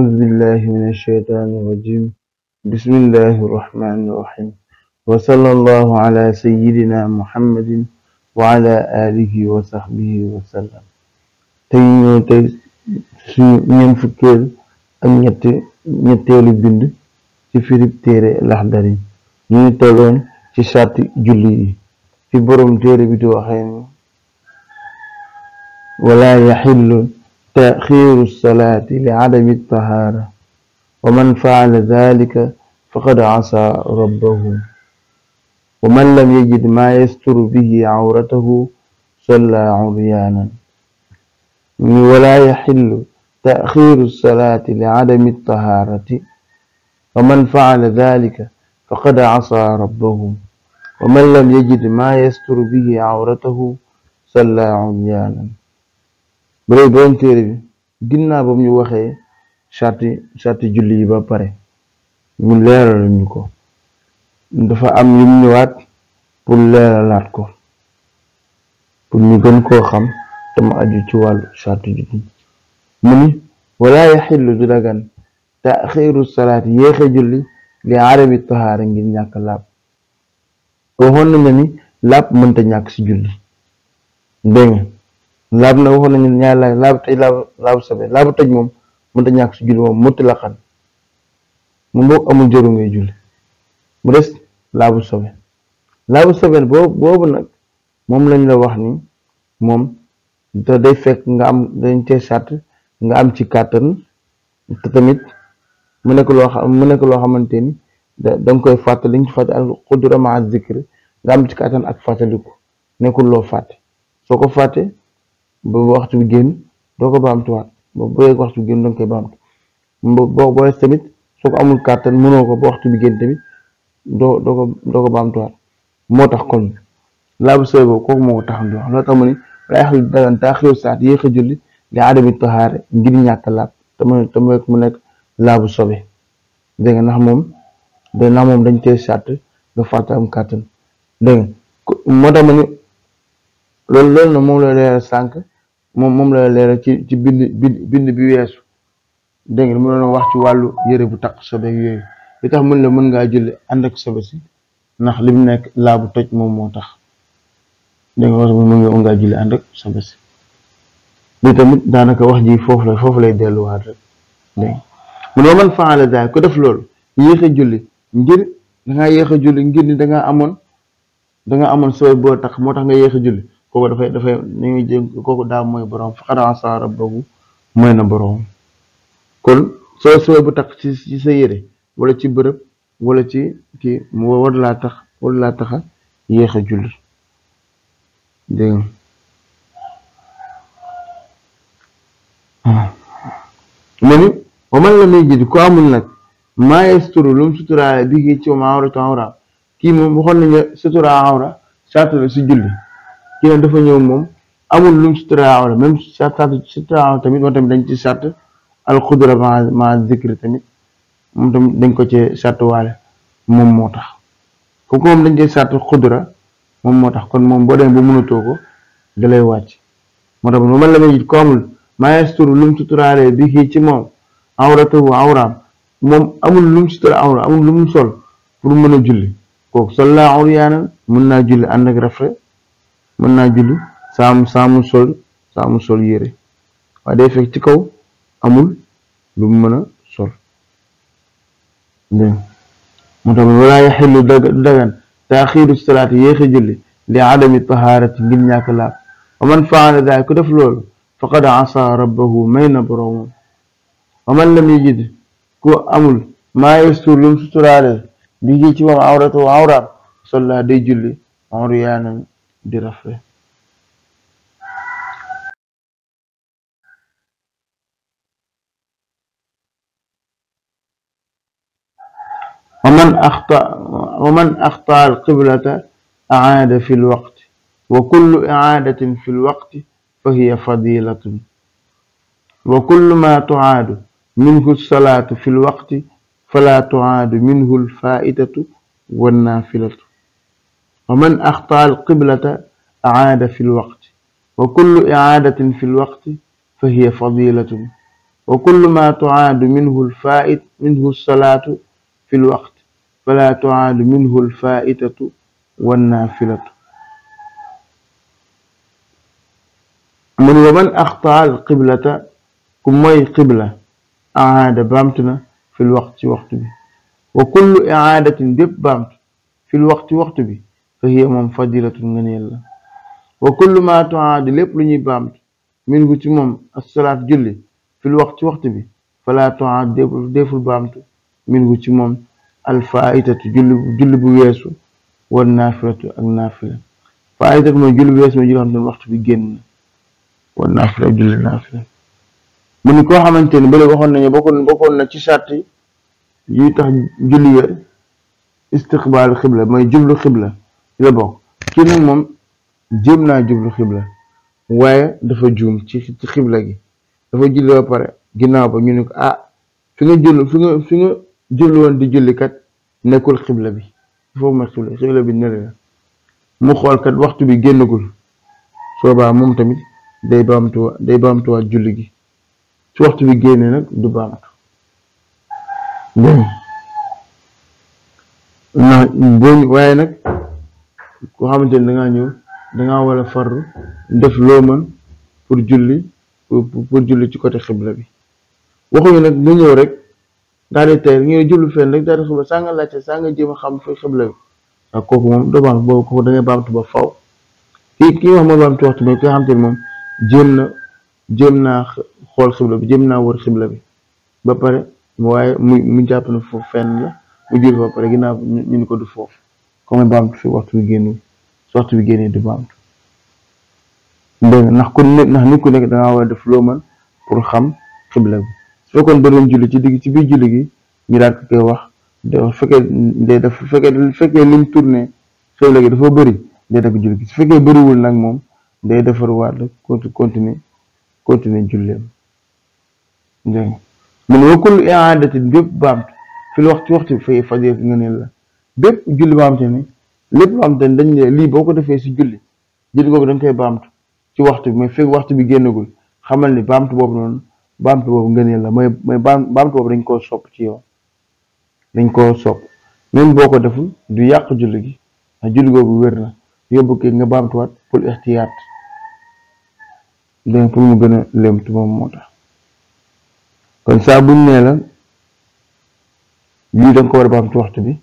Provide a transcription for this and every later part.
أعوذ بالله من الشيطان الرجيم بسم الله الرحمن الرحيم وصلى الله على سيدنا محمد وعلى آله وصحبه وسلم tey ñoo tey suñu ñeent fukkeel ak ñett ñetteelu bind ci firib téere Laxdari ñu ngi tolloon ci sàtti julli yi fi borom téere bi di waxee ni wala yaxillu تأخير الصلاة لعدم الطهارة ومن فعل ذلك فقد عصى ربه ومن لم يجد ما يستر به عورته صلى عريانا ولا يحل تأخير الصلاة لعدم الطهارة ومن فعل ذلك فقد عصى ربه ومن لم يجد ما يستر به عورته صلى عميانا ba léegi borom téere bi ginnaaw ba mu ñu waxee sarti sarti julli yi ba pare mu leeraluñu ko dafa am yu mu ñëwaat pour leeralaat ko pour ñu gën koo xam te mu aju ci wàllu sarti julli mu ni wala yaxillu du dagan taaxiru salaat yéexe julli li arabi tahaara ngir ñàkk laab waxoon nañu ni laab mënta ñàkk ci julli dégg laab na waxoon nañu ñaar laaj laabu tëj laabu laabu sobe laabu moom mënta ñàkk si julli moom mutti la xan mu bokk amul jëru ngay julli mu des laabu sobe laabu sobe boobu boobu nag moom lañ la wax ni moom da day fekk nga am dañ cee sàtt nga am ci kàttan te tamit mu nekk loo xam nekk loo xamante ni da nga koy fàtte liñ ci fàtte ak xudura ma zikr nga am ci kàttan ak fàttaliku nekkul loo fàtte soo ko fàtte ba waxtu bi génn doo ko baamtuwaat ba booyeeg waxtu bi génn danga koy baamtu boo booyeeg tamit soo ko amul kàttan mënoo ko ba waxtu bi génn tamit doo doo ko baamtuwaat moo tax kon laabu ko tax ñu wax loolu tax mu ne wala yaxlu dagan taaxiru saat yéex a julli mu nekk laabu sobe dégg nga ndax moom dégg ndax dañ koy sàtt nga fàtte am kàttan dégg nga moo tax mu ne loolu loolu na moom la leeral sànq moom moom la leeral ci ci bind bind bind bi weesu dégg nga mu doon wax ci wàllu yëre bu taq sobeeg yooyu li tax mën la mën ngaa julli ànd ak sobe si ndax li mu nekk laa bu toj moom moo tax dégg nga mën nga ngaa julli ànd ak sobe tamit daanaka wax ji foofu la foofu lay delluwaat rek dégg nga man man faala daal ko def loolu yéex a julli ngir dangaa yéex a julli ngir ni dangaa amoon dangaa amoon sobe boo tax moo tax nga yéex a julli kooku dafay dafay dañuy jëm kooku daa mooy borom faqad asaa rabbahu mooy na borom kon soo soo bu tax ci sa yére wala ci bërëb walla ci kii war laa tax war laa tax a yéex a julli dégg nga ah. mu ni wa man lam yajid ku amul nag maa yasturu lu mu suturaale bi ci la si julli kii nag dafa ñëw moom amul lum suturaawale même sartaatu tamit moom tamit dañ ci sart alxudra ma ma zikri tamit moom tamit dañ ko ci sartuwaale moom moo tax kooku moom dañ ci sart xudra moom moo tax kon moom boo demee bu mënatoo ko dalay wàcc moo tax man la may it ko amul maa yastur lum suturaale bi kii ci moom awratahu awraam moom amul lum sutura awra amul sol pour mën a julli kooku sol laa awriyaanan mën naa julli ànd ak rafet mën naa julli saamu saamu sol saamu sol yére waaye day fekk ci kaw amul lu mu mën a sol mu tax wala yaxillu dagan taaxiiru salaati yéex a julli li adami tahaarati ngir ñàkk laab wa man faala daal ku def loolu faqad asa rabbahu may na boroomam wa man lam yajid ku amul maa yastur lum suturaale bi ci wam awratu awraam salla day julli awru yaanan di rafet. wa man axta wa man axtaa alqiblata acaada fi lwaqti wa kullu icaadatin fi lwaqti fa hiya fadilatun wa kullu maa tucaadu minhu salaatu fi lwaqti falaa tucaadu minhu alfaa'idatu wannafilatu wa man axtaa alqiblata acaada fi lwaqti wa kullu icaadatin fi lwaqti fa hiya fadilatun wa kullu maa tucaadu minhu lfaa'it minhu salaatu fi lwaqti falaa tucaadu minhu lfaa'itatu wannaafilatu mun wa man axtaa alqiblata ku mooy qibla acaada baamtu na fi lwaqti waxtu bi wa kullu icaadatin bépp baamtu fi lwaqti waxtu bi fa hiya moom fadilatun ngëneel la wa kullu ma tuaadi lépp lu ñuy baamt min gu ci moom assalaat julli fil wax ci waxtu bi fala tuaad deful baamt min gu ci moom alfaitatu julli julli bu weesu wal naafilatu ak naafila faitatu mooy julli bu weesu mooy julli xam ne waxtu bi génn wal naafila julli naafila mu ni koo xamante ni bale waxoon nañu bokkoon bokkoon na ci sàrt yi tax julli wér istiqbaal xibla mooy jublu xibla la bokk kii nag moom jéem naa jublu xibla waaye dafa juum ci ci xibla gi dafa julli ba pare ginnaaw ba ñu ne ko ah fi nga julli fi nga fi nga julli woon di julli nekkul xibla bi foofu ma xibla xibla bi nële la mu xool waxtu bi génnagul soobaa moom tamit day baamtuwa day baamtuwaat julli gi su waxtu bi génnee nag du baamtu dégg nga waaye nag. koo xamante ni dangaa ñëw dangaa war a farlu def loo mën pour julli pour julli ci côté xibla bi waxuñu nag nga ñëw rek daal di tey nga julli fenn rek daal di xibla saa nga xam fi xibla bi ak kooku moom doo baax boobu kooku da ngay baamtu ba faw kii kii wax mooy baamtu waxtu bi ki nga xamante ni moom jéem na jéem naa xool xibla bi jéem naa wër xibla bi ba pare waaye mu mu jàpp na foofu fenn la mu jur fa pare ginnaaw ñu ni ko du foofu comme baamtu fi waxtu bi génn su waxtu bi génnee du baamtu dégg nga ndax ku nekk ndax nit ku nekk da war a def loo mën pour xam xibla bi su da doon julli ci digg ci biir julli ñu daal ko koy wax da fekkee day def fekkee fekkee lim tourné xibla gi dafa bëri day def julli gi su nag moom day defar waat rek continue continuer continuer julleem dégg nga mun wa kullu i'aadatin bépp baamtu fi waxtu waxtu bi fay nga ne la bépp julli boo xam lépp loo xam dañ ne lii boo ko defee si julli julli googu da nga koy baamtu ci waxtu bi mais fekk waxtu bi génnagul xamal ni baamtu boobu noonu baamtu boobu ngëneel la mooy mooy baamtu boobu dañ koo sopp ci yow dañ koo sopp même boo ko deful du yàq julli gi ndax julli googu wér na yóbbu kii nga baamtuwaat pour ixtiyaat dégg pour mu gën a lémtu moom moo tax kon saa buñ nee la lii da ko war a baamtu waxtu bi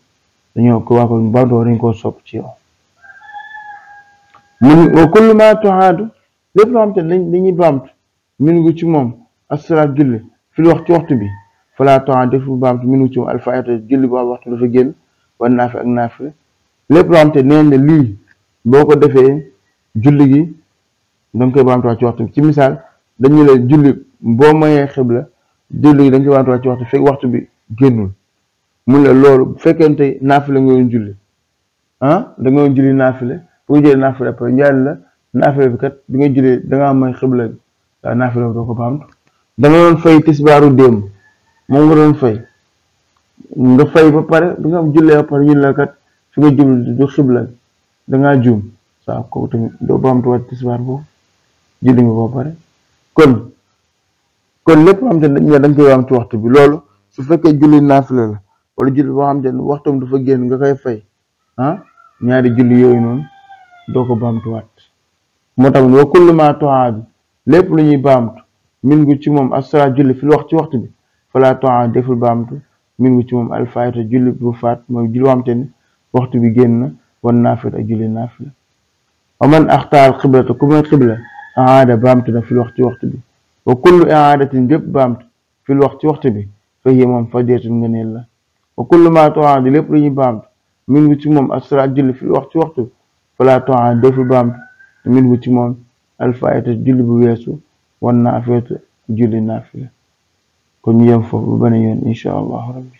dañoo ko waa ko mbaadoo dañ koo sopp ci yow mun wa kullu ma tuhaadu lépp loo xam te dañuy baamtu min gu ci moom asalaat julli fil wax ci waxtu bi falaa tuhaad def baamtu min gu ci moom alfaayata julli boo xam waxtu dafa génn war naafi ak naafile lépp loo xam te nee lii boo ko defee julli gi danga koy baamtuwaat ci waxtu bi ci misaal dañu la julli boo mayee xibla julli gi danga koy baamtuwaat ci waxtu fekk waxtu bi génnul mu la loolu bu fekkente naafile nga doon julli ah da nga doon julli naafile boo jëlee naafile la naafile bi kat bi nga julli da ngaa may xibla bi waaw naafile bi doo ko baamtu da doon fay tisbaaru nga fay nga pare bi nga fi nga jublu du xibla bi da ngaa juum waaw kooku tamit doo baamtuwaat tisbaar boobu julli nga ba pare kon kon lépp am te dañ koy baamtu waxtu bi loolu su fekkee julli naafile la. walla julli boo xam te ne waxtoom dafa génn nga koy fay ah ñaari julli yooyu noonu doo ko baamtuwaat moo tamit wa kullu ma toa bi lépp lu ñuy baamtu min gu ci moom asra julli fi wax ci waxtu bi fala toa deful baamtu min gu ci moom alfayta julli bu faat mooy julli waxtu bi génn na wan naafil ak man axtaar xiblata ku may aada baamtu na fi wax ci waxtu bi wa kullu aadatin wax ci waxtu bi fa hiya moom fadilatun la wa kullu ma toa di lépp lu ñu baamtu min wu ci moom asra julli fi wax ci waxtu fala toa defu baamtu min wu ci moom alfayata julli bu weesu wan naafiyatu julli naafila kon ñu yem foofu ba beneen yoon incha allahu rabbi